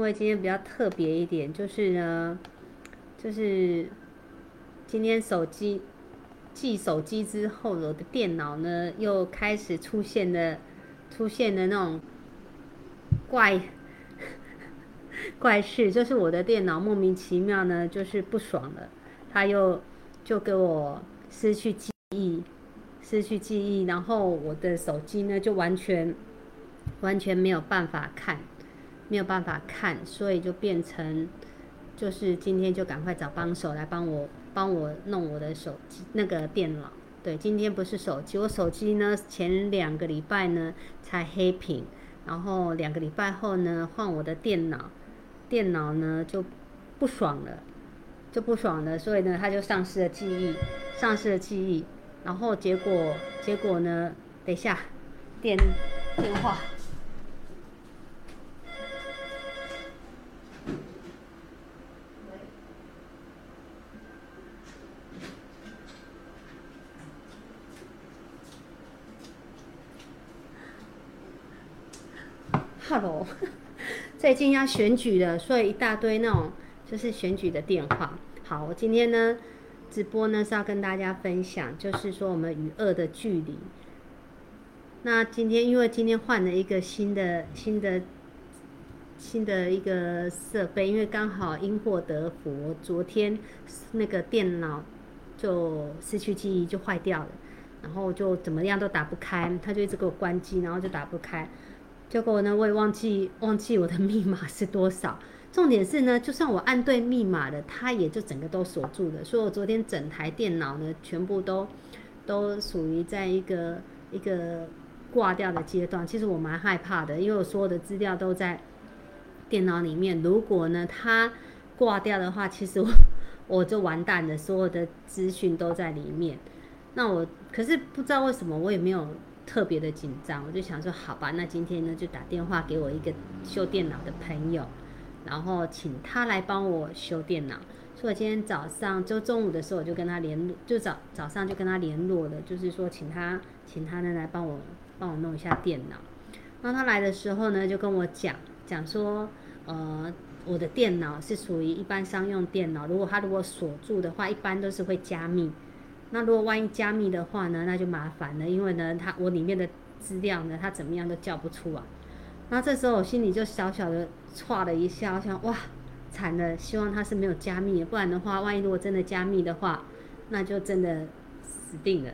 因為今天比較特別一點，就是呢，就是今天手機寄手機之後，我的電腦呢又開始出現了，出現了那種怪怪事，就是我的電腦莫名其妙呢就是不爽了，他又就給我失去記憶，失去記憶，然後我的手機呢就完全完全沒有辦法看。沒有辦法看，所以就變成，就是今天就趕快找幫手來幫我幫我弄我的手機那個電腦。對，今天不是手機，我手機呢前兩個禮拜呢才黑屏，然後兩個禮拜後呢換我的電腦，電腦呢就不爽了，就不爽了，所以呢它就喪失了記憶，喪失了記憶，然後結果結果呢，等一下，電電話。哈嘍，Hello，最近要選舉了，所以一大堆那種就是選舉的電話。好，我今天呢直播呢是要跟大家分享，就是說我們與惡的距離。那今天因為今天換了一個新的新的新的一個設備，因為剛好因禍得福，昨天那個電腦就失去記憶就壞掉了，然後就怎麼樣都打不開，它就一直給我關機，然後就打不開。結果呢，我也忘記忘記我的密碼是多少。重點是呢，就算我按對密碼了，它也就整個都鎖住了。所以我昨天整台電腦呢，全部都都屬於在一個一個掛掉的階段。其實我蠻害怕的，因為我所有的資料都在電腦裡面。如果呢它掛掉的話，其實我我就完蛋了，所有的資訊都在裡面。那我可是不知道為什麼，我也沒有，特別的緊張，我就想說，好吧，那今天呢就打電話給我一個修電腦的朋友，然後請他來幫我修電腦。所以我今天早上周中午的時候，我就跟他聯絡就早早上就跟他聯絡了，就是說請他請他呢來幫我幫我弄一下電腦。那他來的時候呢，就跟我講講說，呃，我的電腦是屬於一般商用電腦，如果他如果鎖住的話，一般都是會加密。那如果萬一加密的話呢，那就麻煩了，因為呢，它，我裡面的資料呢，它怎麼樣都叫不出啊。那這時候我心裡就小小的剉了一下，我想哇，慘了！希望它是沒有加密的，不然的話，萬一如果真的加密的話，那就真的死定了。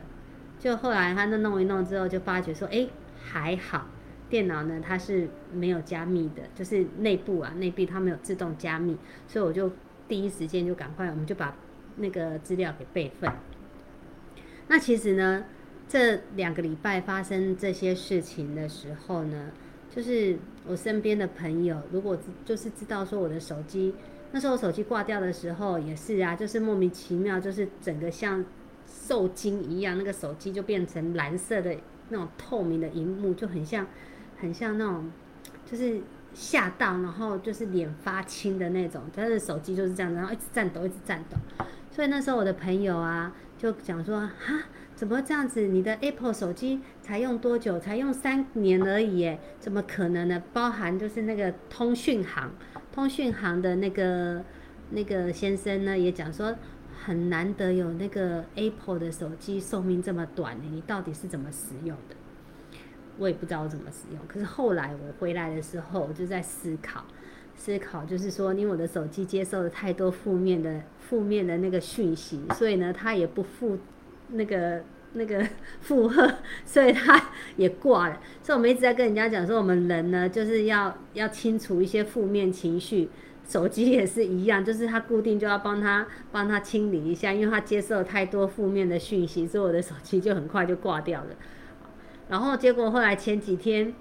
就後來他弄一弄之後，就發覺說，哎、欸，還好，電腦呢，它是沒有加密的，就是內部啊，內部它沒有自動加密，所以我就第一時間就趕快，我們就把那個資料給備份。那其實呢，這兩個禮拜發生這些事情的時候呢，就是我身邊的朋友，如果就是知道說我的手機，那時候我手機掛掉的時候也是啊，就是莫名其妙，就是整個像受驚一樣，那個手機就變成藍色的那種透明的熒幕，就很像很像那種就是嚇到，然後就是臉發青的那種，他的手機就是這樣，然後一直顫抖，一直顫抖。所以那時候我的朋友啊。就講說哈，怎麼這樣子？你的 Apple 手機才用多久？才用三年而已耶，怎麼可能呢？包含就是那個通訊行，通訊行的那個那個先生呢，也講說很難得有那個 Apple 的手機壽命這麼短呢，你到底是怎麼使用的？我也不知道怎麼使用。可是後來我回來的時候，我就在思考。思考就是說，因為我的手機接受了太多負面的負面的那個訊息，所以呢，它也不負那個那個負荷，所以它也掛了。所以我們一直在跟人家講說，我們人呢就是要要清除一些負面情緒，手機也是一樣，就是它固定就要幫它幫它清理一下，因為它接受了太多負面的訊息，所以我的手機就很快就掛掉了。然後結果後來前幾天，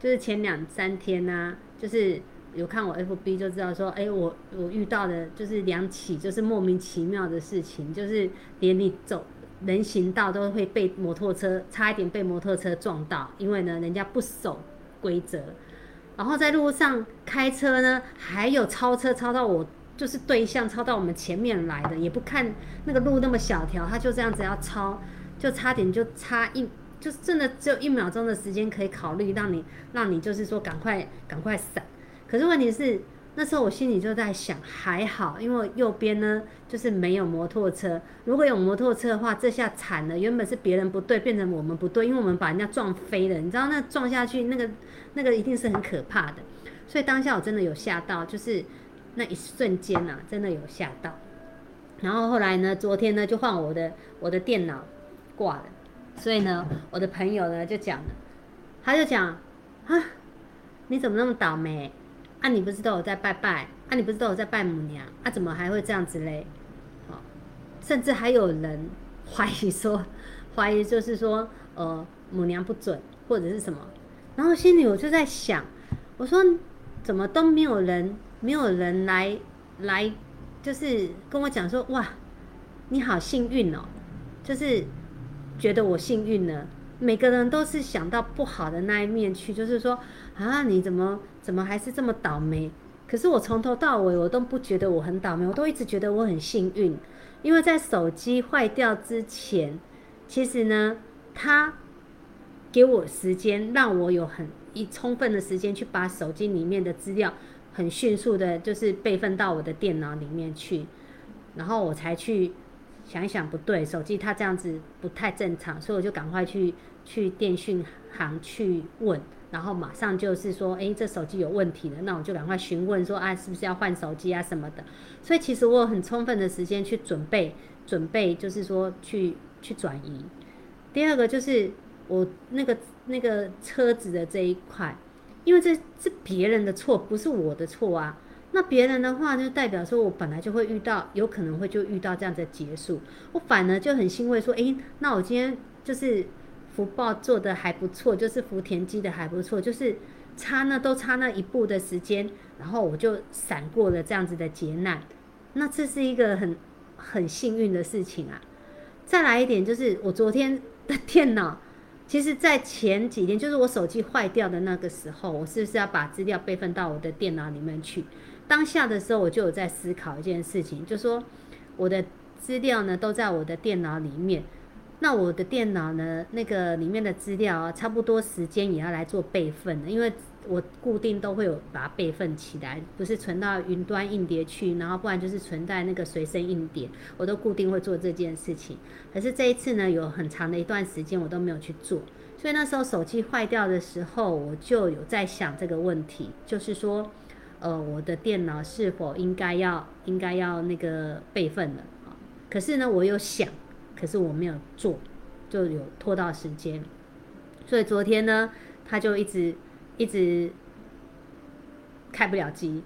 就是前兩三天呢、啊，就是。有看我 FB 就知道，說，誒、欸，我我遇到的就是兩起，就是莫名其妙的事情，就是連你走人行道都會被摩托車差一點被摩托車撞到，因為呢人家不守規則，然後在路上開車呢還有超車超到我就是對向，超到我們前面來的，也不看那個路那麼小條，他就這樣子要超，就差點就差一就真的只有一秒鐘的時間可以考慮讓你讓你就是說趕快趕快閃。可是問題是，那時候我心裡就在想，還好，因為右邊呢就是沒有摩托車。如果有摩托車的話，這下慘了。原本是別人不對，變成我們不對，因為我們把人家撞飛了。你知道那撞下去，那個那個一定是很可怕的。所以當下我真的有嚇到，就是那一瞬間吶，啊，真的有嚇到。然後後來呢，昨天呢就換我的我的電腦掛了，所以呢我的朋友呢就講了，他就講啊，你怎麼那麼倒霉？啊，你不知道我在拜拜？啊，你不知道我在拜母娘？啊，怎麼還會這樣子嘞？好，哦，甚至還有人懷疑說，懷疑就是說，呃，母娘不準或者是什麼，然後心裡我就在想，我說怎麼都沒有人，沒有人來來，就是跟我講說，哇，你好幸運哦，就是覺得我幸運呢。每個人都是想到不好的那一面去，就是說，啊，你怎麼怎麼還是這麼倒霉？可是我從頭到尾我都不覺得我很倒霉，我都一直覺得我很幸運，因為在手機壞掉之前，其實呢，它給我時間，讓我有很一充分的時間去把手機裡面的資料很迅速的，就是備份到我的電腦裡面去，然後我才去想一想，不對，手機它這樣子不太正常，所以我就趕快去。去電信行去問，然後馬上就是說，哎，這手機有問題了，那我就趕快詢問說，啊，是不是要換手機啊什麼的。所以其實我有很充分的時間去準備，準備就是說去去轉移。第二個就是我那個那個車子的這一塊，因為這是別人的錯，不是我的錯啊。那別人的話就代表說我本來就會遇到，有可能會就遇到這樣子的結束。我反而就很欣慰說，哎，那我今天就是。福報做得還不錯，就是福田機的還不錯，就是差那都差那一步的時間，然後我就閃過了這樣子的劫難，那這是一個很很幸運的事情啊。再來一點就是，我昨天的電腦，其實在前幾天，就是我手機壞掉的那個時候，我是不是要把資料備份到我的電腦裡面去？當下的時候我就有在思考一件事情，就說我的資料呢都在我的電腦裡面。那我的電腦呢？那個裡面的資料啊，差不多時間也要來做備份的，因為我固定都會有把它備份起來，不是存到雲端硬碟去，然後不然就是存在那個隨身硬碟，我都固定會做這件事情。可是這一次呢，有很長的一段時間我都沒有去做，所以那時候手機壞掉的時候，我就有在想這個問題，就是說，呃，我的電腦是否應該要應該要那個備份了？哦，可是呢，我又想。可是我沒有做，就有拖到時間，所以昨天呢，他就一直一直開不了機，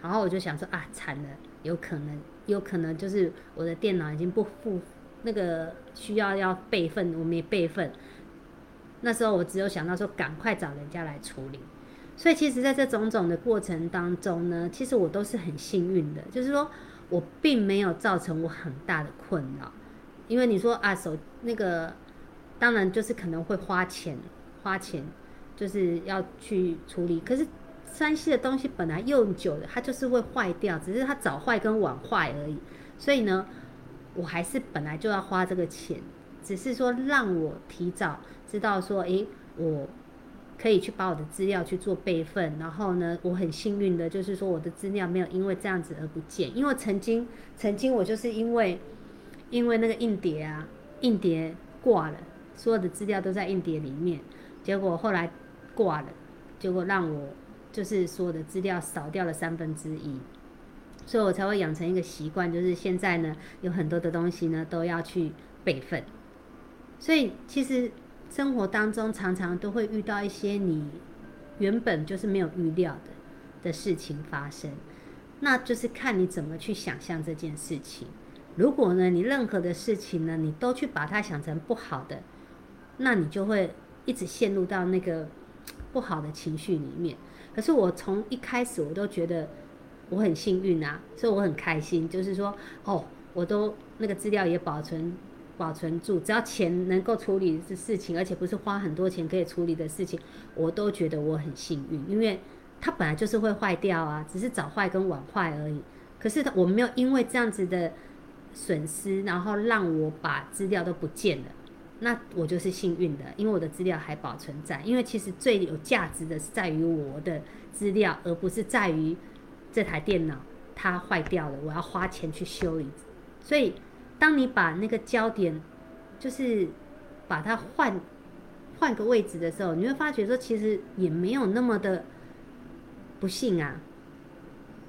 然後我就想說啊，慘了，有可能有可能就是我的電腦已經不付那個需要要備份，我沒備份，那時候我只有想到說趕快找人家來處理，所以其實在這種種的過程當中呢，其實我都是很幸運的，就是說我並沒有造成我很大的困擾。因為你說啊，手那個，當然就是可能會花錢，花錢，就是要去處理。可是，三 C 的東西本來用久了，它就是會壞掉，只是它早壞跟晚壞而已。所以呢，我還是本來就要花這個錢，只是說讓我提早知道說，誒我可以去把我的資料去做備份。然後呢，我很幸運的就是說，我的資料沒有因為這樣子而不見。因為曾經，曾經我就是因為。因為那個硬碟啊，硬碟掛了，所有的資料都在硬碟裡面，結果後來掛了，結果讓我就是所有的資料少掉了三分之一，所以我才會養成一個習慣，就是現在呢有很多的東西呢都要去備份，所以其實生活當中常常都會遇到一些你原本就是沒有預料的的事情發生，那就是看你怎麼去想象這件事情。如果呢，你任何的事情呢，你都去把它想成不好的，那你就會一直陷入到那個不好的情緒裡面。可是我從一開始我都覺得我很幸運啊，所以我很開心。就是說，哦，我都那個資料也保存保存住，只要錢能夠處理的事情，而且不是花很多錢可以處理的事情，我都覺得我很幸運，因為它本來就是會壞掉啊，只是早壞跟晚壞而已。可是我沒有因為這樣子的。損失，然後讓我把資料都不見了，那我就是幸運的，因為我的資料還保存在。因為其實最有價值的是在於我的資料，而不是在於這台電腦它壞掉了，我要花錢去修理。所以，當你把那個焦點，就是把它換換個位置的時候，你會發覺說，其實也沒有那麼的不幸啊。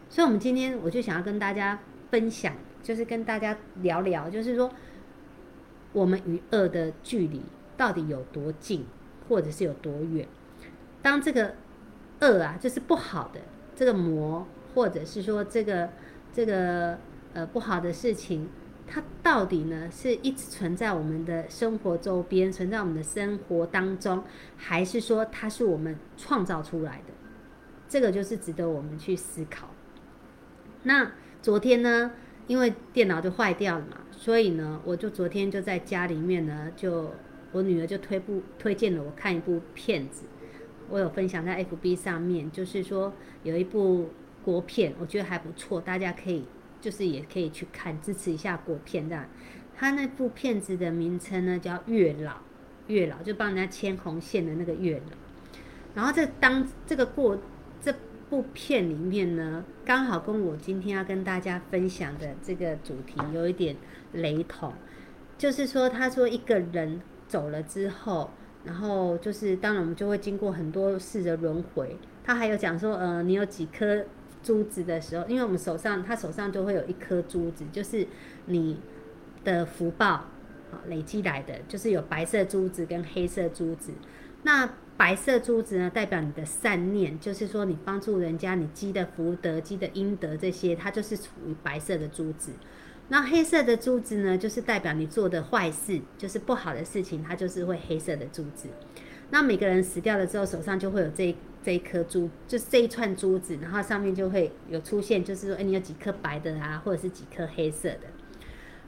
所以，我們今天我就想要跟大家分享。就是跟大家聊聊，就是說，我們與惡的距離到底有多近，或者是有多遠？當這個惡啊，就是不好的這個惡，或者是說這個這個呃不好的事情，它到底呢是一直存在我們的生活周邊，存在我們的生活當中，還是說它是我們創造出來的？這個就是值得我們去思考。那昨天呢，因為電腦就壞掉了嘛，所以呢，我就昨天就在家裡面呢，就我女兒就推部推薦了我看一部片子，我有分享在 FB 上面，就是說有一部國片，我覺得還不錯，大家可以就是也可以去看，支持一下國片。這樣他那部片子的名稱呢叫《月老》，月老就幫人家牽紅線的那個月老。然後這當這個過。部片裡面呢，剛好跟我今天要跟大家分享的這個主題有一點雷同，就是說，他說一個人走了之後，然後就是，當然我們就會經過很多世的輪回。他還有講說，呃，你有幾顆珠子的時候，因為我們手上，他手上就會有一顆珠子，就是你的福報啊，累積來的，就是有白色珠子跟黑色珠子。那白色珠子呢，代表你的善念，就是說你幫助人家，你積的福德，積的陰德這些，它就是屬於白色的珠子。那黑色的珠子呢，就是代表你做的壞事，就是不好的事情，它就是會黑色的珠子。那每個人死掉了之後，手上就會有這這一顆珠，就是這一串珠子，然後上面就會有出現，就是說，誒、哎，你有幾顆白的啊，或者是幾顆黑色的。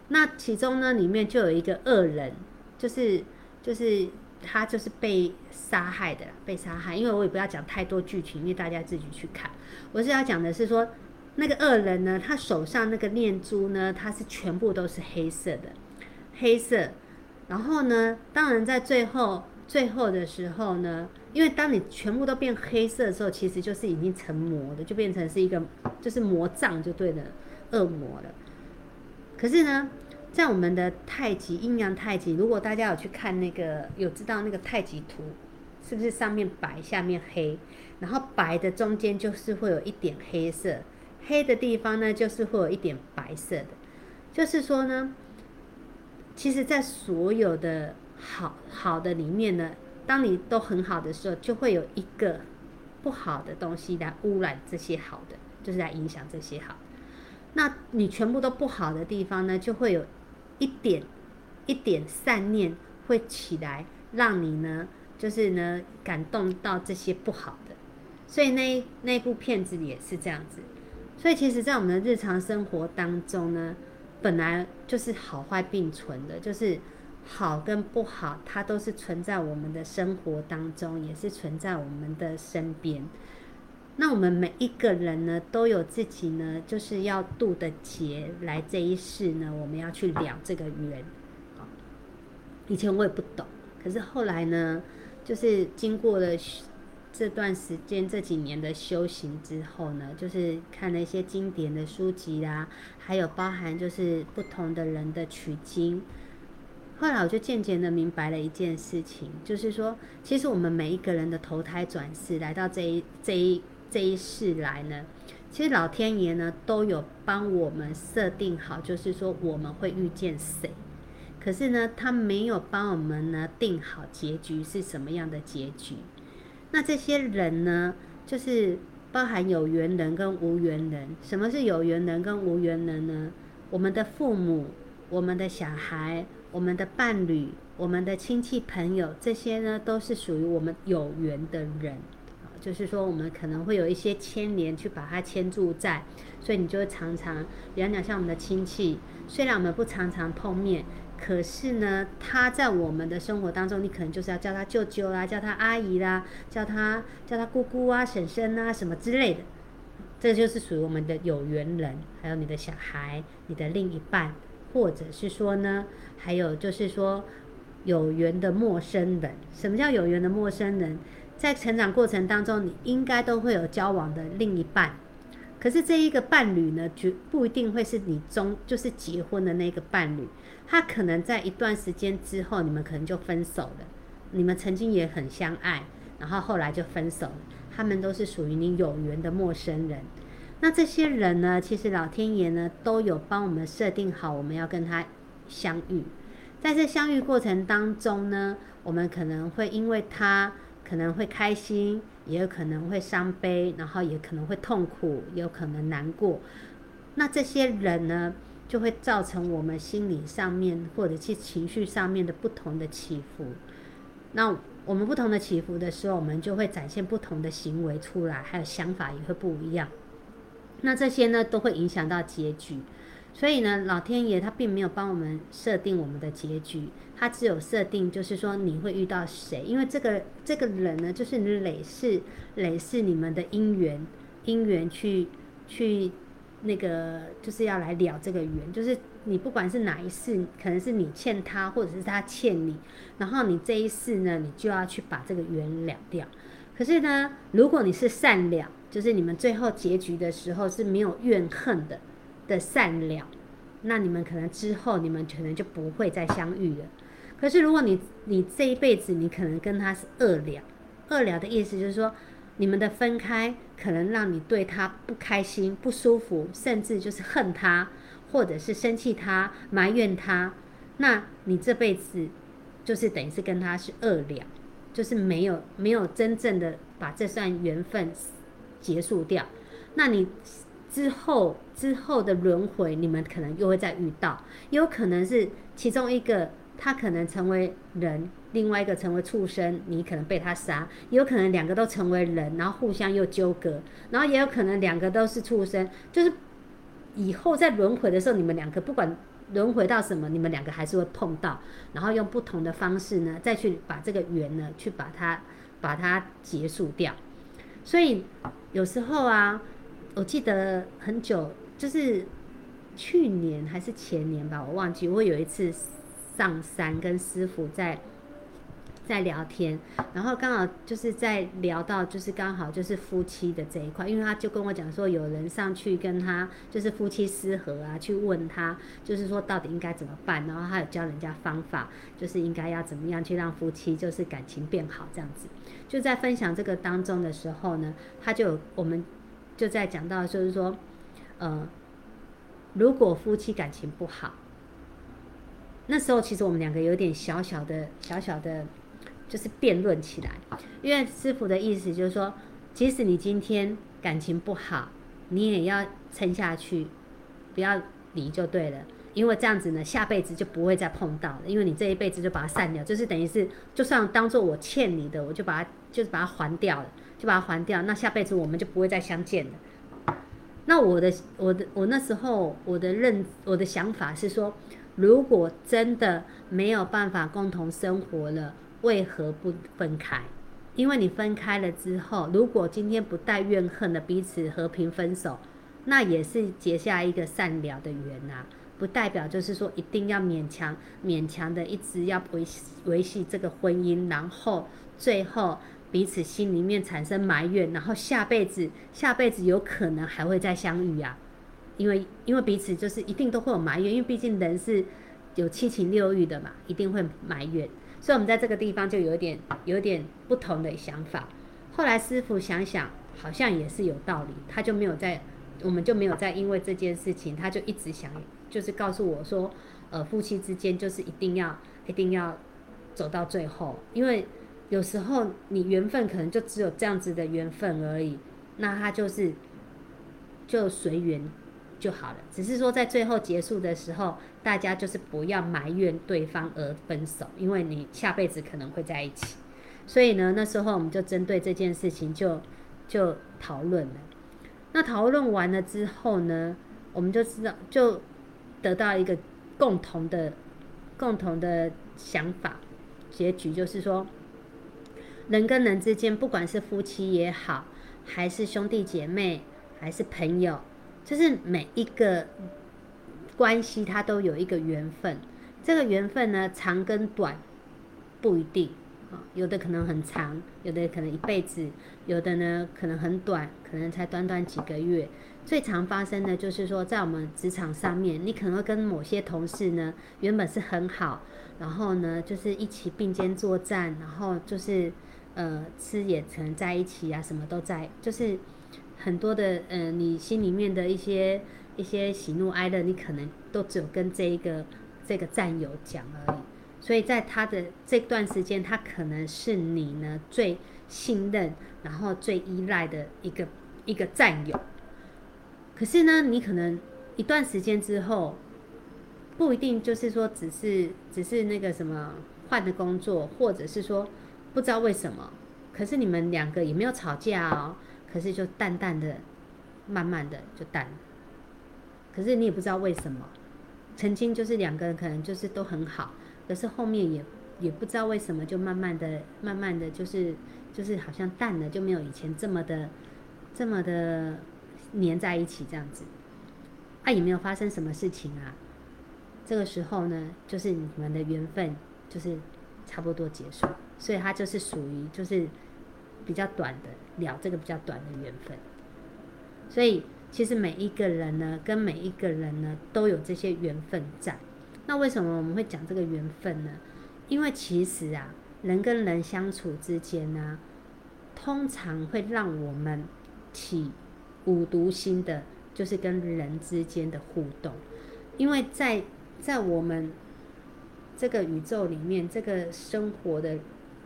那其中呢，裡面就有一個惡人，就是就是。他就是被殺害的，被殺害。因為我也不要講太多劇情，因為大家自己去看。我是要講的是說，那個惡人呢，他手上那個念珠呢，它是全部都是黑色的，黑色。然後呢，當然在最後最後的時候呢，因為當你全部都變黑色的時候，其實就是已經成魔了，就變成是一個就是魔杖，就對了，惡魔了。可是呢，在我們的太極陰陽太極，如果大家有去看那個有知道那個太極圖，是不是上面白下面黑，然後白的中間就是會有一點黑色，黑的地方呢，就是會有一點白色的，就是說呢，其實，在所有的好好的裡面呢，當你都很好的時候，就會有一個不好的東西來污染這些好的，就是來影響這些好的。那你全部都不好的地方呢，就會有。一點一點善念，會起來，讓你呢，就是呢感動到這些不好的，所以那那部片子也是這樣子。所以其實，在我們的日常生活當中呢，本來就是好壞並存的，就是好跟不好，它都是存在我們的生活當中，也是存在我們的身邊。那我們每一個人呢，都有自己呢，就是要渡的劫來這一世呢，我們要去了這個緣。以前我也不懂，可是後來呢，就是經過了這段時間、這幾年的修行之後呢，就是看了一些經典的書籍啊，還有包含就是不同的人的取經。後來我就漸漸的明白了一件事情，就是說，其實我們每一個人的投胎轉世來到這一這一。這一世來呢，其實老天爺呢都有幫我們設定好，就是說我們會遇見誰，可是呢，他沒有幫我們呢定好結局是什麼樣的結局。那這些人呢，就是包含有緣人跟無緣人。什麼是有緣人跟無緣人呢？我們的父母、我們的小孩、我們的伴侶、我們的親戚朋友，這些呢，都是屬於我們有緣的人。就是說，我們可能會有一些牽連，去把它牽住在，所以你就會常常，比方講像我們的親戚，雖然我們不常常碰面，可是呢，他在我們的生活當中，你可能就是要叫他舅舅啦、啊，叫他阿姨啦、啊，叫他叫他姑姑啊，嬸嬸啊，什麼之類的，這就是屬於我們的有緣人，還有你的小孩，你的另一半，或者是說呢，還有就是說，有緣的陌生人，什麼叫有緣的陌生人？在成長過程當中，你應該都會有交往的另一半，可是這一個伴侶呢，絕不一定會是你終就是結婚的那個伴侶。他可能在一段時間之後，你們可能就分手了。你們曾經也很相愛，然後後來就分手了。他們都是屬於你有緣的陌生人。那這些人呢，其實老天爺呢都有幫我們設定好，我們要跟他相遇。在這相遇過程當中呢，我們可能會因為他。可能會開心，也有可能會傷悲，然後也可能會痛苦，也有可能難過。那這些人呢，就會造成我們心理上面或者是情緒上面的不同的起伏。那我們不同的起伏的時候，我們就會展現不同的行為出來，還有想法也會不一樣。那這些呢，都會影響到結局。所以呢，老天爺他並沒有幫我們設定我們的結局，他只有設定就是說你會遇到誰，因為這個這個人呢，就是累世累世你們的姻緣姻緣去去那個就是要來了這個緣，就是你不管是哪一世，可能是你欠他，或者是他欠你，然後你這一世呢，你就要去把這個緣了掉。可是呢，如果你是善良，就是你們最後結局的時候是沒有怨恨的的善良，那你們可能之後你們可能就不會再相遇了。可是如果你你這一輩子你可能跟他是惡了，惡了的意思就是說，你們的分開可能讓你對他不開心、不舒服，甚至就是恨他，或者是生氣他、埋怨他，那你這輩子就是等於是跟他是惡了，就是沒有沒有真正的把這段緣分結束掉。那你之後。之後的輪迴，你們可能又會再遇到，也有可能是其中一個他可能成為人，另外一個成為畜生，你可能被他殺，也有可能兩個都成為人，然後互相又糾葛，然後也有可能兩個都是畜生，就是以後在輪迴的時候，你們兩個不管輪迴到什麼，你們兩個還是會碰到，然後用不同的方式呢，再去把這個緣呢，去把它把它結束掉。所以有時候啊，我記得很久。就是去年還是前年吧，我忘記。我有一次上山跟師傅在在聊天，然後剛好就是在聊到，就是剛好就是夫妻的這一塊，因為他就跟我講說，有人上去跟他就是夫妻失和啊，去問他就是說到底應該怎麼辦，然後他有教人家方法，就是應該要怎麼樣去讓夫妻就是感情變好這樣子。就在分享這個當中的時候呢，他就有，我們就在講到的就是說。嗯、呃，如果夫妻感情不好，那時候其實我們兩個有點小小的、小小的，就是辯論起來。因為師父的意思就是說，即使你今天感情不好，你也要撐下去，不要離就對了。因為這樣子呢，下輩子就不會再碰到了，因為你這一輩子就把它散掉，就是等於是，就算當作我欠你的，我就把它就是把它還掉了，就把它還掉，那下輩子我們就不會再相見了。那我的我的我那時候我的認我的想法是說，如果真的沒有辦法共同生活了，為何不分開？因為你分開了之後，如果今天不帶怨恨的彼此和平分手，那也是結下一個善良的緣啊。不代表就是說一定要勉強勉強的一直要維繫維繫這個婚姻，然後最後。彼此心裡面產生埋怨，然後下輩子下輩子有可能還會再相遇呀，因為因為彼此就是一定都會有埋怨，因為畢竟人是有七情六慾的嘛，一定會埋怨，所以我們在這個地方就有點有點不同的想法。後來師父想想，好像也是有道理，他就沒有在我們就沒有再因為這件事情，他就一直想，就是告訴我說，呃，夫妻之間就是一定要一定要走到最後，因為。有時候你緣分可能就只有這樣子的緣分而已，那他就是就隨緣就好了。只是說在最後結束的時候，大家就是不要埋怨對方而分手，因為你下輩子可能會在一起。所以呢，那時候我們就針對這件事情就就討論了。那討論完了之後呢，我們就知道就得到一個共同的共同的想法，結局就是說。人跟人之間，不管是夫妻也好，還是兄弟姐妹，還是朋友，就是每一個關係，它都有一個緣分。這個緣分呢，長跟短不一定啊，有的可能很長，有的可能一輩子，有的呢可能很短，可能才短短幾個月。最常發生的，就是說在我們職場上面，你可能會跟某些同事呢，原本是很好，然後呢就是一起並肩作戰，然後就是。呃，吃也成，在一起啊，什麼都在，就是很多的，嗯、呃，你心裡面的一些一些喜怒哀樂，你可能都只有跟這一個這個戰友講而已。所以在他的這段時間，他可能是你呢最信任，然後最依賴的一個一個戰友。可是呢，你可能一段時間之後，不一定就是說只是只是那個什麼換的工作，或者是說。不知道為什麼，可是你們兩個也沒有吵架哦。可是就淡淡的、慢慢的就淡了。可是你也不知道為什麼，曾經就是兩個人可能就是都很好，可是後面也也不知道為什麼就慢慢的、慢慢的就是就是好像淡了，就沒有以前這麼的、這麼的黏在一起這樣子。啊，也沒有發生什麼事情啊。這個時候呢，就是你們的緣分就是差不多結束。所以它就是屬於就是比較短的了，這個比較短的緣分。所以其實每一個人呢，跟每一個人呢，都有這些緣分在。那為什麼我們會講這個緣分呢？因為其實啊，人跟人相處之間呢、啊，通常會讓我們起五毒心的，就是跟人之間的互動。因為在在我們這個宇宙裡面，這個生活的。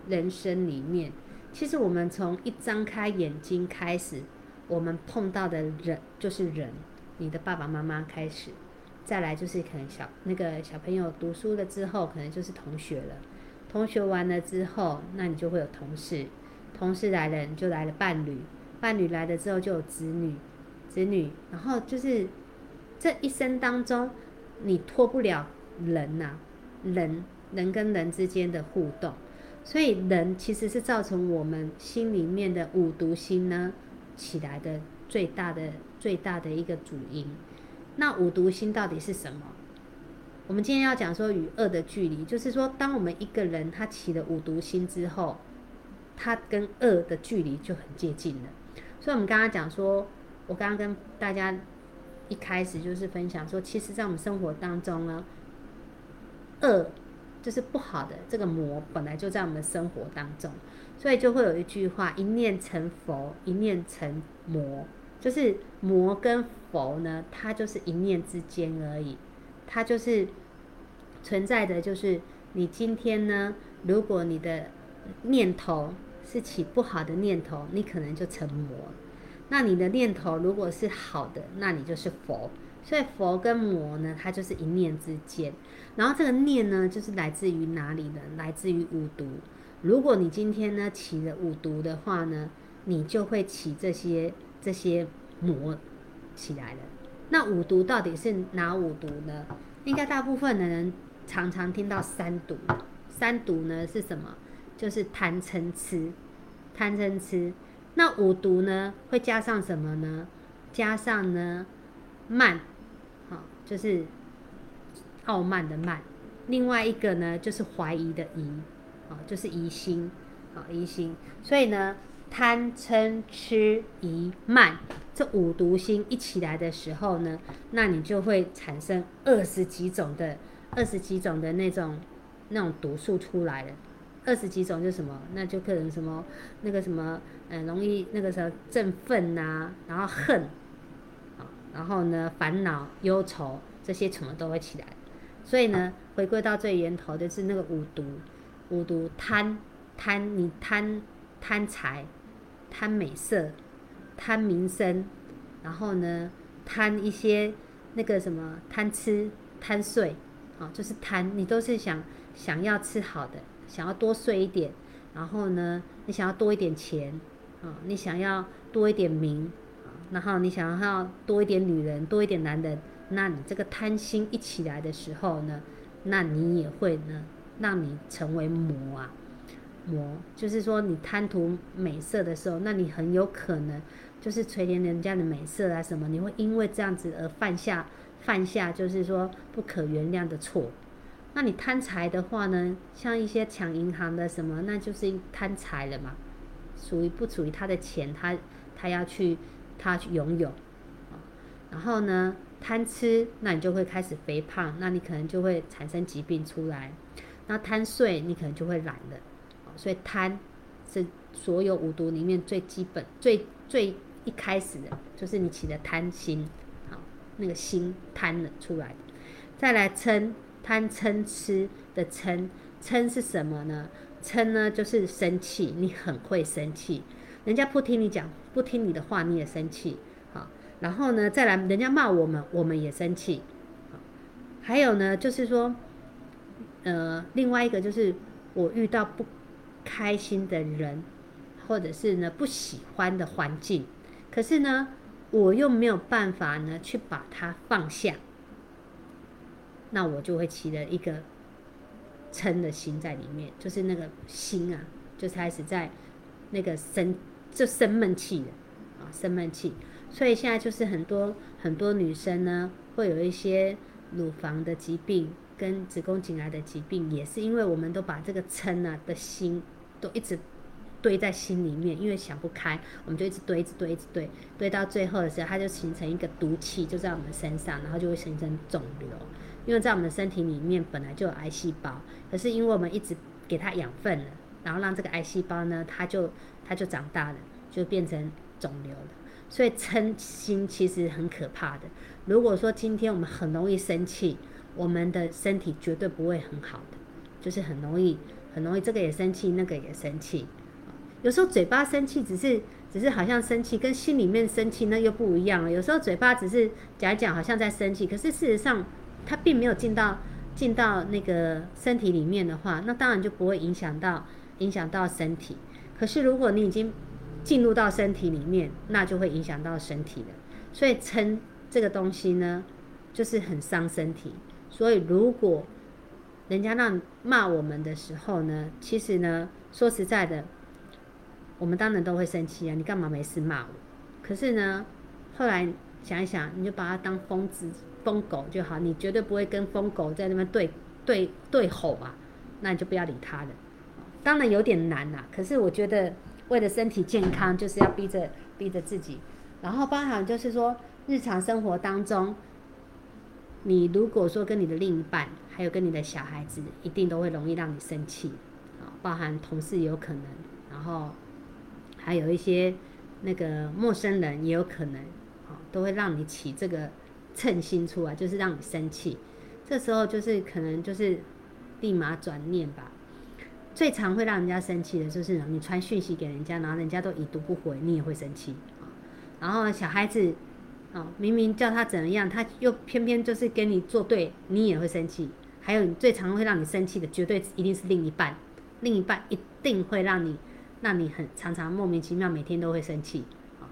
人生裡面，其實我們從一張開眼睛開始，我們碰到的人就是人。你的爸爸媽媽開始，再來就是可能小那個小朋友讀書了之後，可能就是同學了。同學完了之後，那你就會有同事，同事來了你就來了伴侶，伴侶來了之後就有子女，子女，然後就是這一生當中，你脫不了人吶、啊，人，人跟人之間的互動。所以，人其實是造成我們心裡面的五毒心呢起來的最大的、最大的一個主因。那五毒心到底是什麼？我們今天要講說與惡的距離，就是說，當我們一個人他起了五毒心之後，他跟惡的距離就很接近了。所以，我們剛剛講說，我剛剛跟大家一開始就是分享說，其實，在我們生活當中呢，惡。就是不好的這個魔本來就在我們生活當中，所以就會有一句話：一念成佛，一念成魔。就是魔跟佛呢，它就是一念之間而已。它就是存在的，就是你今天呢，如果你的念頭是起不好的念頭，你可能就成魔；那你的念頭如果是好的，那你就是佛。所以佛跟魔呢，它就是一念之間。然後這個念呢，就是來自於哪裡呢？來自於五毒。如果你今天呢起了五毒的話呢，你就會起這些這些魔起來了。那五毒到底是哪五毒呢？應該大部分的人常常聽到三毒，三毒呢是什麼？就是貪嗔痴。貪嗔痴，那五毒呢會加上什麼呢？加上呢慢，好、哦、就是。傲慢的慢，另外一個呢就是懷疑的疑，啊，就是疑心，啊，疑心。所以呢，貪嗔痴疑慢這五毒心一起來的時候呢，那你就會產生二十幾種的二十幾種的那種那種毒素出來了。二十幾種就什麼？那就可能什麼那個什麼，嗯、呃，容易那個時候振奮吶、啊，然後恨，啊，然後呢煩惱憂愁這些什麼都會起來。所以呢，回歸到最源頭的是那個五毒，五毒貪貪，你貪貪財，貪美色，貪名聲，然後呢貪一些那個什麼貪吃貪睡，啊、哦，就是貪，你都是想想要吃好的，想要多睡一點，然後呢你想要多一點錢，啊、哦，你想要多一點名啊，然後你想要多一點女人，多一點男人。那你這個貪心一起來的時候呢，那你也會呢，讓你成為魔啊，魔就是說你貪圖美色的時候，那你很有可能就是垂憐人家的美色啊什麼，你會因為這樣子而犯下犯下就是說不可原諒的錯。那你貪財的話呢，像一些搶銀行的什麼，那就是貪財了嘛，屬於不屬於他的錢，他他要去他要去擁有，然後呢，貪吃，那你就會開始肥胖，那你可能就會產生疾病出來。那貪睡，你可能就會懶了。所以貪是所有五毒裡面最基本、最最一開始的，就是你起的貪心，好，那個心貪了出來。再來嗔，貪嗔痴的嗔，嗔是什麼呢？嗔呢就是生氣，你很會生氣，人家不聽你講，不聽你的話，你也生氣。然後呢，再來人家罵我們，我們也生氣。還有呢，就是說，呃，另外一個就是我遇到不開心的人，或者是呢不喜歡的環境，可是呢我又沒有辦法呢去把它放下，那我就會起了一個嗔的心在裡面，就是那個心啊，就開始在那個生就生悶氣了，啊，生悶氣。所以現在就是很多很多女生呢，會有一些乳房的疾病跟子宮頸癌的疾病，也是因為我們都把這個嗔啊的心，都一直堆在心裡面，因為想不開，我們就一直堆、一直堆、一直堆，堆到最後的時候，它就形成一個毒氣，就在我們身上，然後就會形成腫瘤。因為在我們的身體裡面本來就有癌細胞，可是因為我們一直給它養分了，然後讓這個癌細胞呢，它就它就長大了，就變成腫瘤了。所以嗔心其實很可怕的。如果說今天我們很容易生氣，我們的身體絕對不會很好的，就是很容易、很容易這個也生氣，那個也生氣。有時候嘴巴生氣，只是、只是好像生氣，跟心裡面生氣那又不一樣了。有時候嘴巴只是講一講，好像在生氣，可是事實上他並沒有進到、進到那個身體裡面的話，那當然就不會影響到、影響到身體。可是如果你已經進入到身體裡面，那就會影響到身體了。所以嗔這個東西呢，就是很傷身體。所以如果人家讓罵我們的時候呢，其實呢，說實在的，我們當然都會生氣啊。你幹嘛沒事罵我？可是呢，後來想一想，你就把它當瘋子、瘋狗就好。你絕對不會跟瘋狗在那邊對對對吼吧，那你就不要理他了。當然有點難啦、啊，可是我覺得。為了身體健康，就是要逼着、逼着自己。然後包含就是說，日常生活當中，你如果說跟你的另一半，還有跟你的小孩子，一定都會容易讓你生氣。啊，包含同事有可能，然後還有一些那個陌生人也有可能，啊，都會讓你起這個嗔心出來，就是讓你生氣。這時候就是可能就是立馬轉念吧。最常會讓人家生氣的就是你傳訊息給人家，然後人家都已讀不回，你也會生氣啊。然後小孩子，啊，明明叫他怎麼樣，他又偏偏就是跟你作對，你也會生氣。還有，你最常會讓你生氣的，絕對一定是另一半，另一半一定會讓你，讓你很常常莫名其妙，每天都會生氣啊。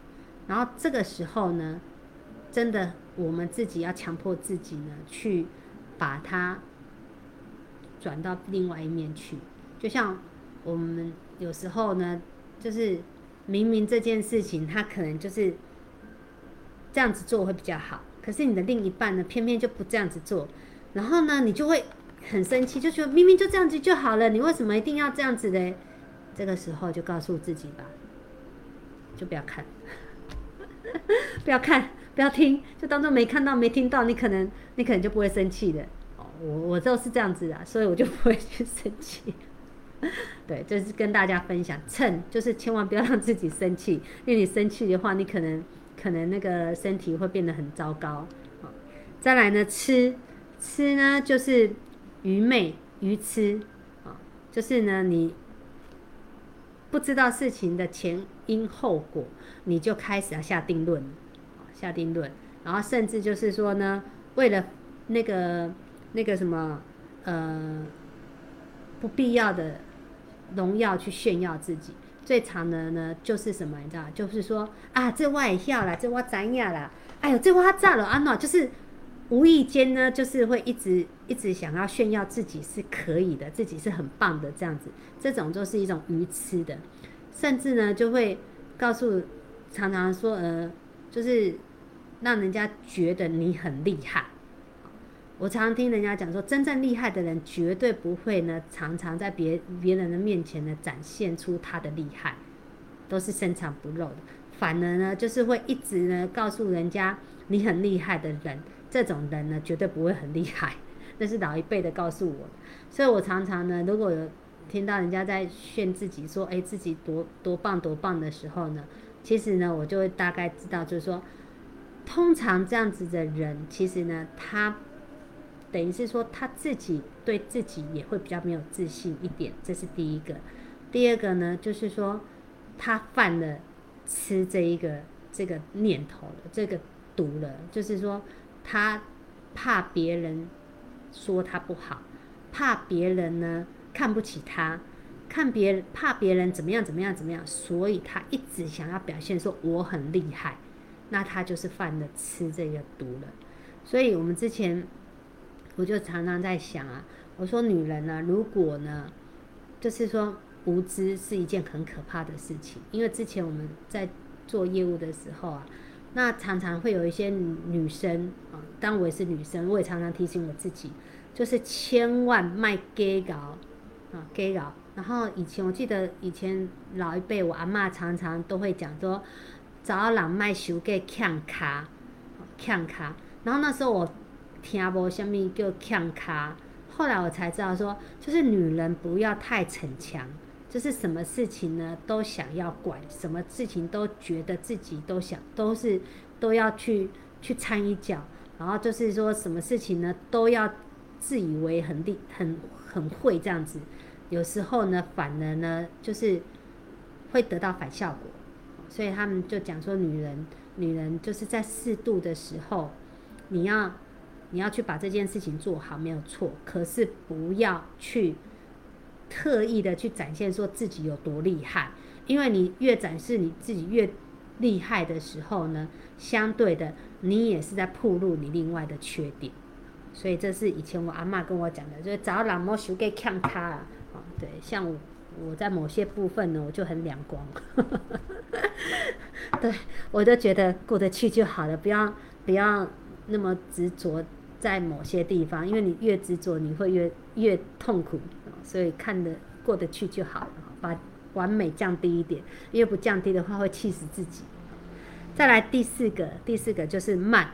然後這個時候呢，真的我們自己要強迫自己呢，去把它轉到另外一面去。就像我們有時候呢，就是明明這件事情他可能就是這樣子做會比較好，可是你的另一半呢，偏偏就不這樣子做，然後呢，你就會很生氣，就說明明就這樣子就好了，你為什麼一定要這樣子嘞？這個時候就告訴自己吧，就不要看， 不要看，不要聽，就當做沒看到、沒聽到，你可能你可能就不會生氣的。哦，我我就是這樣子啊，所以我就不會去生氣。對，就是跟大家分享，嗔，就是千萬不要讓自己生氣，因為你生氣的話，你可能可能那個身體會變得很糟糕。哦，再來呢，痴痴呢就是愚昧愚痴啊，哦，就是呢，你不知道事情的前因後果，你就開始要下定論啊，哦，下定論，然後甚至就是說呢，為了那個那個什麼呃不必要的。榮耀去炫耀自己，最長的呢就是什麼？你知道，就是說啊，這我也笑了，這我知樣了，哎呦，這我咋了啊？喏，就是無意間呢，就是會一直一直想要炫耀自己是可以的，自己是很棒的這樣子。這種就是一種愚痴的，甚至呢就會告訴常常說呃，就是讓人家覺得你很厲害。我常常聽人家講說，真正厲害的人絕對不會呢，常常在別別人的面前呢展現出他的厲害，都是深藏不露的。反而呢，就是會一直呢告訴人家你很厲害的人，這種人呢絕對不會很厲害。那是老一輩的告訴我，所以我常常呢，如果有聽到人家在炫自己說，誒，自己多多棒多棒的時候呢，其實呢，我就會大概知道，就是說，通常這樣子的人，其實呢，他。等於是說他自己對自己也會比較沒有自信一點，這是第一個。第二個呢，就是說他犯了癡這一個這個念頭了，這個毒了，就是說他怕別人說他不好，怕別人呢看不起他，看別人，怕別人怎麼樣怎麼樣怎麼樣，所以他一直想要表現說我很厲害，那他就是犯了癡這個毒了。所以，我們之前。我就常常在想啊，我說女人呢、啊，如果呢，就是說無知是一件很可怕的事情，因為之前我們在做業務的時候啊，那常常會有一些女，女生啊，當我也是女生，我也常常提醒我自己，就是千萬賣 gay 佬啊 gay 佬。然後以前我記得以前老一輩我阿嬤常常都會講說，找人賣手給強卡強卡。然後那時候我。聽播什麼叫強咖？後來我才知道說，說就是女人不要太逞強，就是什麼事情呢都想要管，什麼事情都覺得自己都想都是都要去去摻一腳，然後就是說什麼事情呢都要自以為很厲很很會這樣子，有時候呢反而呢就是會得到反效果，所以他們就講說女人女人就是在適度的時候，你要。你要去把這件事情做好沒有錯，可是不要去特意的去展現說自己有多厲害，因為你越展示你自己越厲害的時候呢，相對的你也是在暴露你另外的缺點。所以這是以前我阿嬤跟我講的，就是找老漠輸給看他啊。對，像我我在某些部分呢，我就很兩光， 對我都覺得過得去就好了，不要不要那麼執着。在某些地方，因為你越執着，你會越越痛苦，所以看得過得去就好了，把完美降低一點，越不降低的話會氣死自己。再來第四個，第四個就是慢，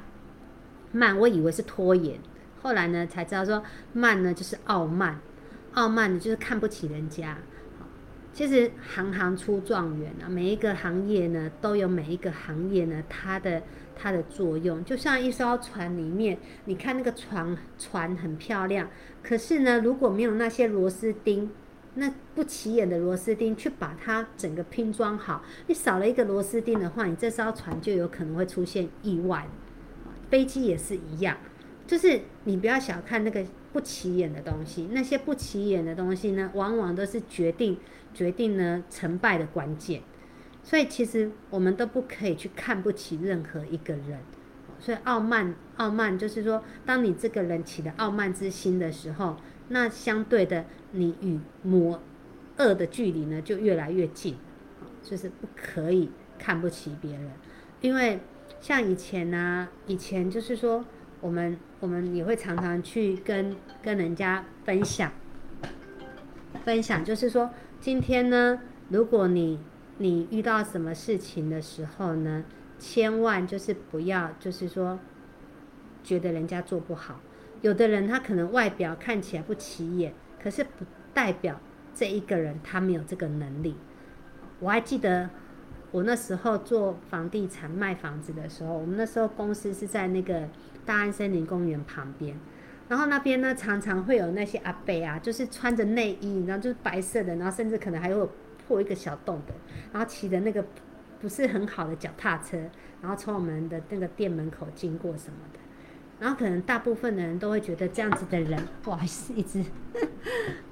慢，我以為是拖延，後來呢才知道說慢呢就是傲慢，傲慢就是看不起人家。其實行行出狀元啊，每一個行業呢都有每一個行業呢它的。它的作用就像一艘船裡面，你看那個船，船很漂亮，可是呢，如果沒有那些螺絲釘，那不起眼的螺絲釘去把它整個拼裝好，你少了一個螺絲釘的話，你這艘船就有可能會出現意外。飛機也是一樣，就是你不要小看那個不起眼的東西，那些不起眼的東西呢，往往都是決定決定呢成敗的關鍵。所以其實我們都不可以去看不起任何一個人。所以傲慢，傲慢就是說，當你這個人起了傲慢之心的時候，那相對的，你與魔惡的距離呢，就越來越近。就是不可以看不起別人，因為像以前呢、啊，以前就是說，我們我們也會常常去跟跟人家分享分享，就是說，今天呢，如果你你遇到什麼事情的時候呢？千萬就是不要，就是說，覺得人家做不好。有的人他可能外表看起來不起眼，可是不代表這一個人他沒有這個能力。我還記得我那時候做房地產賣房子的時候，我們那時候公司是在那個大安森林公園旁邊，然後那邊呢常常會有那些阿伯啊，就是穿着內衣，然後就是白色的，然後甚至可能還有。破一個小洞的。然後騎的那個不是很好的腳踏車，然後從我們的那個店門口經過什麼的，然後可能大部分的人都會覺得這樣子的人，不好意思，一直呵呵，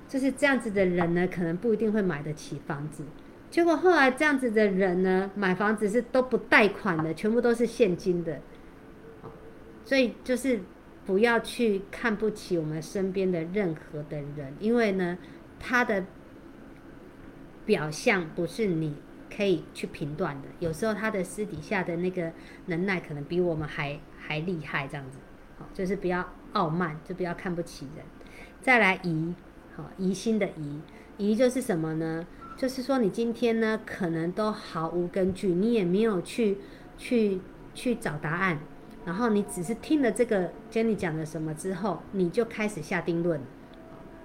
就是這樣子的人呢，可能不一定會買得起房子。結果後來這樣子的人呢，買房子是都不貸款的，全部都是現金的。所以就是不要去看不起我們身邊的任何的人，因為呢，他的。表象不是你可以去評斷的，有時候他的私底下的那個能耐可能比我們還還厲害，這樣子，就是比較傲慢，就比較看不起人。再來疑，好，疑心的疑，疑就是什麼呢？就是說你今天呢，可能都毫無根據，你也沒有去去去找答案，然後你只是聽了這個 Jenny 講的什麼之後，你就開始下定論。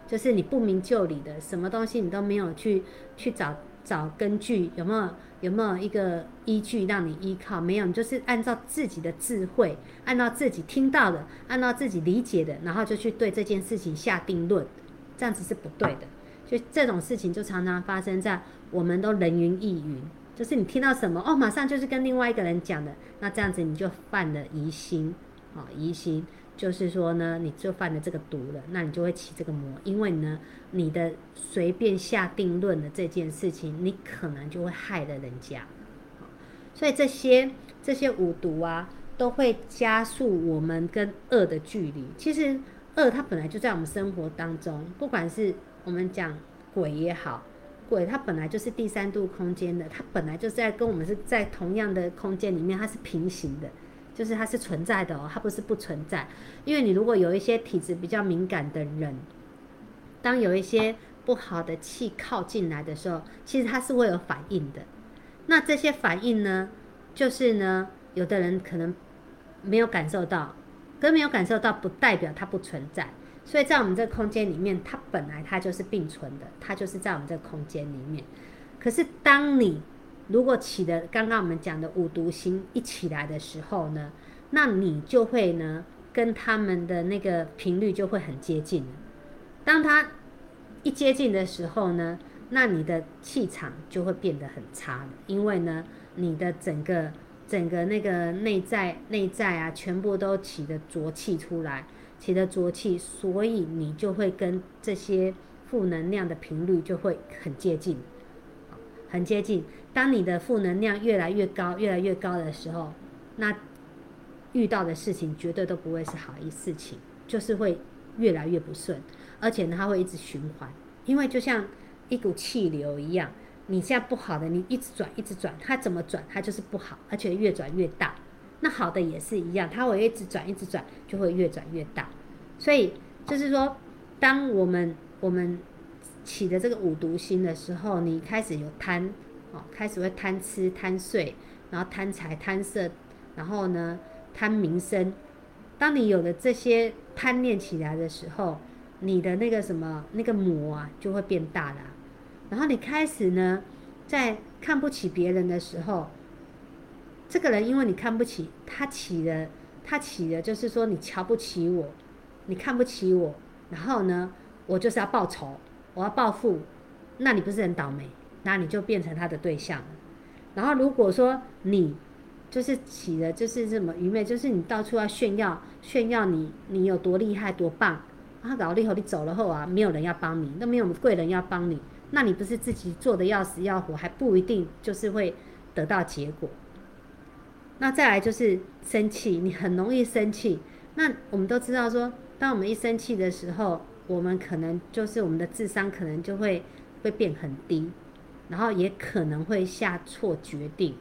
就是你不明就裡的，什麼東西你都沒有去去找找根據，有沒有有沒有一個依據讓你依靠？沒有，你就是按照自己的智慧，按照自己聽到的，按照自己理解的，然後就去對這件事情下定論，這樣子是不對的。就這種事情就常常發生在我們都人云亦云，就是你聽到什麼哦，馬上就是跟另外一個人講的，那這樣子你就犯了疑心，啊，疑心。就是說呢，你就犯了這個毒了，那你就會起這個魔，因為呢，你的隨便下定論的這件事情，你可能就會害了人家。所以這些這些五毒啊，都會加速我們跟惡的距離。其實惡它本來就在我們生活當中，不管是我們講鬼也好，鬼它本來就是第三度空間的，它本來就是在跟我們是在同樣的空間裡面，它是平行的。就是它是存在的哦，它不是不存在。因為你如果有一些體質比較敏感的人，當有一些不好的氣靠進來的時候，其實它是會有反應的。那這些反應呢，就是呢，有的人可能沒有感受到，跟沒有感受到不代表它不存在。所以在我們這個空間裡面，它本來它就是並存的，它就是在我們這個空間裡面。可是當你如果起的剛剛我們講的五毒心一起來的時候呢，那你就會呢跟他們的那個頻率就會很接近。當他一接近的時候呢，那你的氣場就會變得很差，因為呢你的整個整個那個內在內在啊，全部都起的濁氣出來，起的濁氣，所以你就會跟這些負能量的頻率就會很接近，很接近。當你的負能量越來越高，越來越高的時候，那遇到的事情絕對都不會是好的事情，就是會越來越不順，而且呢，它會一直循環，因為就像一股氣流一樣，你現在不好的，你一直轉，一直轉，它怎麼轉，它就是不好，而且越轉越大。那好的也是一樣，它會一直轉，一直轉，就會越轉越大。所以就是說，當我們我們起的這個五毒心的時候，你開始有貪。開始會貪吃、貪睡，然後貪財、貪色，然後呢貪名聲。當你有了這些貪念起來的時候，你的那個什麼那個魔啊就會變大了。然後你開始呢，在看不起別人的時候，這個人因為你看不起他起了，他起了就是說你瞧不起我，你看不起我，然後呢我就是要報仇，我要報復，那你不是很倒霉？那你就變成他的對象了。然後如果說你就是起的就是這麼愚昧，就是你到處要炫耀炫耀你你有多厲害多棒啊，老了以後，你走了後啊，沒有人要幫你，都沒有貴人要幫你，那你不是自己做的要死要活，還不一定就是會得到結果。那再來就是生氣，你很容易生氣。那我們都知道說，當我們一生氣的時候，我們可能就是我們的智商可能就會會變很低。然後也可能會下錯決定，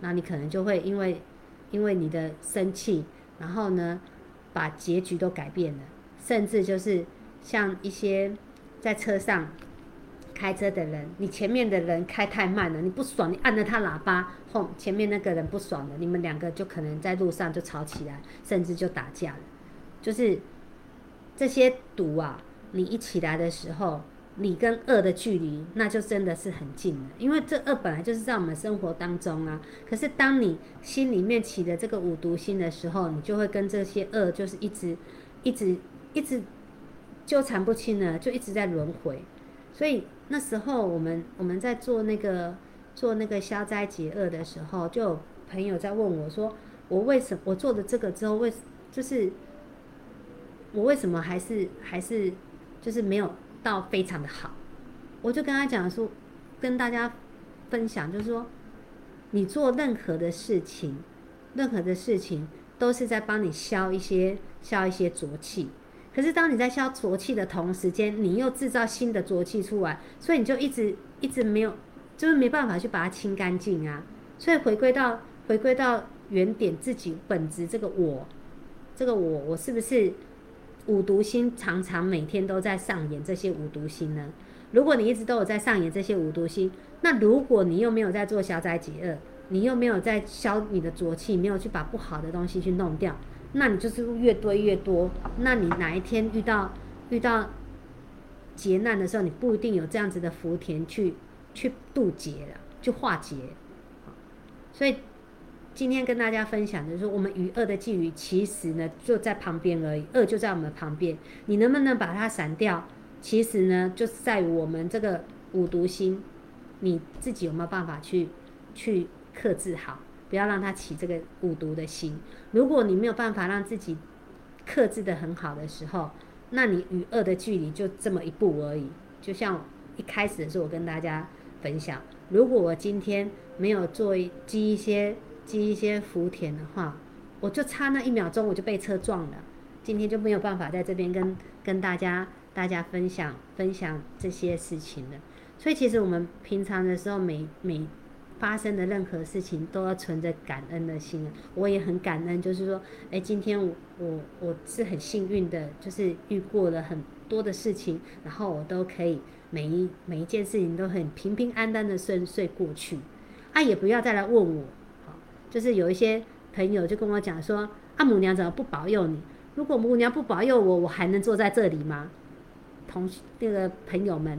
那你可能就會因為因為你的生氣，然後呢，把結局都改變了，甚至就是像一些在車上開車的人，你前面的人開太慢了，你不爽，你按了他喇叭，後前面那個人不爽了，你們兩個就可能在路上就吵起來，甚至就打架了。就是這些毒啊，你一起來的時候。你跟惡的距離，那就真的是很近了。因為這惡本來就是在我們生活當中啊。可是當你心裡面起了這個五毒心的時候，你就會跟這些惡就是一直、一直、一直糾纏不清了，就一直在輪回。所以那時候，我們我們在做那個做那個消災解厄的時候，就有朋友在問我說：“我為什麼，我做了這個之後，為就是我為什麼還是還是就是沒有？”非常的好，我就跟他講說，跟大家分享，就是說，你做任何的事情，任何的事情都是在幫你消一些消一些濁氣。可是，當你在消濁氣的同時間，你又製造新的濁氣出來，所以你就一直一直沒有，就是沒辦法去把它清乾淨啊。所以回歸到回歸到原點，自己本質這個我，這個我，我是不是？五毒心常常每天都在上演這些五毒心呢。如果你一直都有在上演這些五毒心，那如果你又沒有在做消災解厄，你又沒有在消你的濁氣，沒有去把不好的東西去弄掉，那你就是越堆越多。那你哪一天遇到遇到劫難的時候，你不一定有這樣子的福田去去渡劫了，去化劫。所以。今天跟大家分享的是，我們與惡的距離其實呢，就在旁邊而已，惡就在我們旁邊。你能不能把它散掉？其實呢，就是在於我們這個五毒心，你自己有沒有辦法去去克制好？不要讓它起這個五毒的心。如果你沒有辦法讓自己克制得很好的時候，那你與惡的距離就這麼一步而已。就像一開始的時候，我跟大家分享，如果我今天沒有做積一些。積一些福田的話，我就差那一秒鐘，我就被車撞了。今天就沒有辦法在這邊跟跟大家大家分享分享這些事情了。所以，其實我們平常的時候，每每發生的任何事情，都要存着感恩的心。我也很感恩，就是說，哎，今天我我，我是很幸運的，就是遇過了很多的事情，然後我都可以每一每一件事情都很平平安安的順遂過去。啊，也不要再來問我。就是有一些朋友就跟我講說，阿、啊、母娘怎麼不保佑你？如果母娘不保佑我，我還能坐在這裡嗎？同那個朋友們，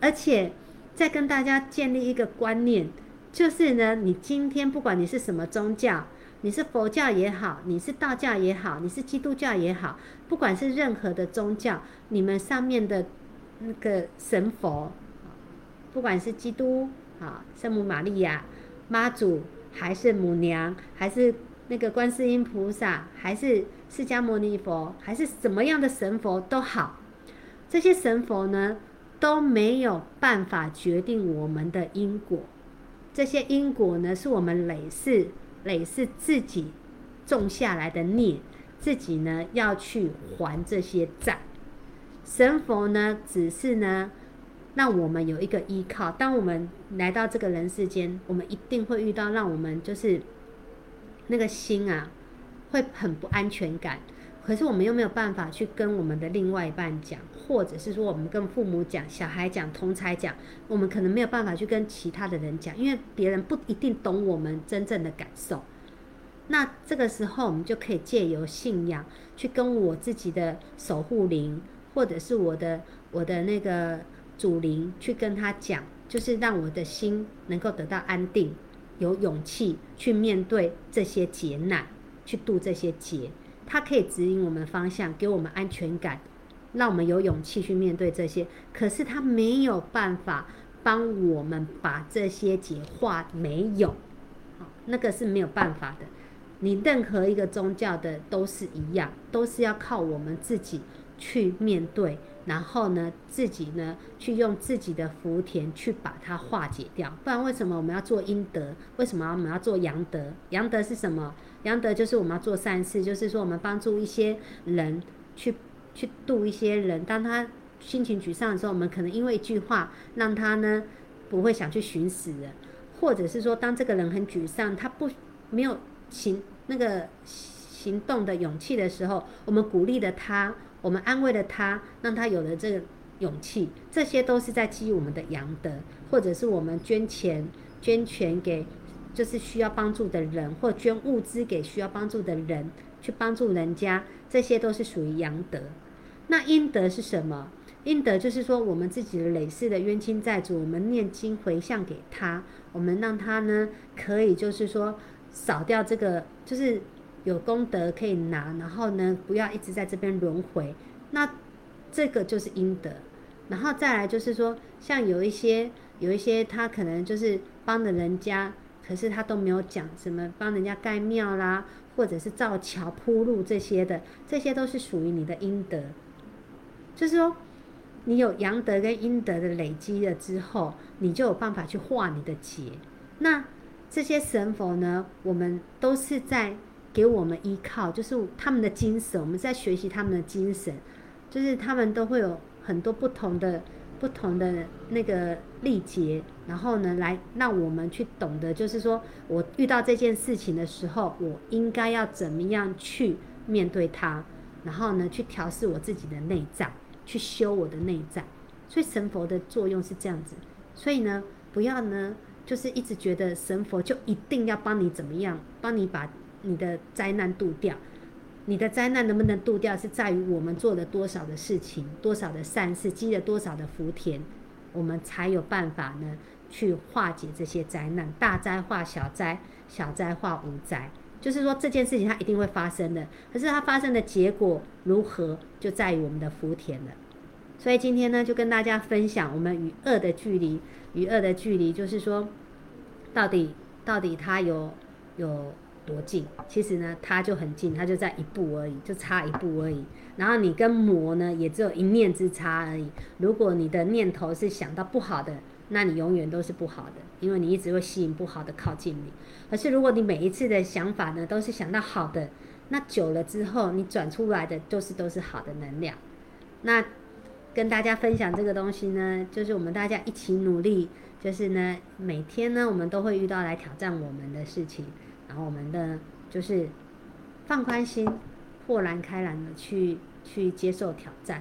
而且再跟大家建立一個觀念，就是呢，你今天不管你是什麼宗教，你是佛教也好，你是道教也好，你是基督教也好，不管是任何的宗教，你們上面的那個神佛，不管是基督啊、聖母瑪利亞、媽祖。還是母娘，還是那個觀世音菩薩，還是釋迦牟尼佛，還是什麼樣的神佛都好，這些神佛呢，都沒有辦法決定我們的因果，這些因果呢，是我們累世累世自己種下來的孽，自己呢，要去還這些債，神佛呢只是呢。那我們有一個依靠。當我們來到這個人世間，我們一定會遇到讓我們就是那個心啊，會很不安全感。可是我們又沒有辦法去跟我們的另外一半講，或者是說我們跟父母講、小孩講、同儕講，我們可能沒有辦法去跟其他的人講，因為別人不一定懂我們真正的感受。那這個時候，我們就可以借由信仰去跟我自己的守護靈，或者是我的我的那個。主靈去跟他講，就是讓我的心能夠得到安定，有勇氣去面對這些劫難，去渡這些劫。他可以指引我們的方向，給我們安全感，讓我們有勇氣去面對這些。可是他沒有辦法幫我們把這些劫化，沒有，那個是沒有辦法的。你任何一個宗教的都是一樣，都是要靠我們自己。去面對，然後呢，自己呢，去用自己的福田去把它化解掉。不然，為什麼我們要做陰德？為什麼我們要做陽德？陽德是什麼？陽德就是我們要做善事，就是說我們幫助一些人去，去去度一些人。當他心情沮喪的時候，我們可能因為一句話，讓他呢不會想去尋死了，或者是說，當這個人很沮喪，他不沒有行那個行動的勇氣的時候，我們鼓勵了他。我們安慰了他，讓他有了這個勇氣，這些都是在積我們的陽德，或者是我們捐錢、捐錢給就是需要幫助的人，或捐物資給需要幫助的人去幫助人家，這些都是屬於陽德。那陰德是什麼？陰德就是說我們自己的累世的冤親債主，我們念經回向給他，我們讓他呢可以就是說掃掉這個就是。有功德可以拿，然後呢，不要一直在這邊輪迴。那這個就是陰德，然後再來就是說，像有一些有一些他可能就是幫了人家，可是他都沒有講什麼幫人家蓋廟啦，或者是造橋鋪路這些的，這些都是屬於你的陰德。就是說，你有陽德跟陰德的累積了之後，你就有辦法去化你的結。那這些神佛呢，我們都是在。給我們依靠，就是他們的精神，我們在學習他們的精神，就是他們都會有很多不同的、不同的那個歷劫，然後呢，來讓我們去懂得，就是說我遇到這件事情的時候，我應該要怎麼樣去面對它，然後呢，去調試我自己的內在，去修我的內在。所以神佛的作用是這樣子，所以呢，不要呢，就是一直覺得神佛就一定要幫你怎麼樣，幫你把。你的災難渡掉，你的災難能不能渡掉，是在於我們做了多少的事情，多少的善事，積了多少的福田，我們才有辦法呢去化解這些災難。大災化小災，小災化無災，就是說這件事情它一定會發生的，可是它發生的結果如何，就在於我們的福田了。所以今天呢，就跟大家分享我們與惡的距離，與惡的距離就是說，到底到底它有有。多近？其實呢，它就很近，它就在一步而已，就差一步而已。然後你跟魔呢，也只有一念之差而已。如果你的念頭是想到不好的，那你永遠都是不好的，因為你一直會吸引不好的靠近你。可是如果你每一次的想法呢，都是想到好的，那久了之後，你轉出來的就是都是好的能量。那跟大家分享這個東西呢，就是我們大家一起努力，就是呢，每天呢，我們都會遇到來挑戰我們的事情。然後我們的就是放寬心，豁然開朗的去去接受挑戰。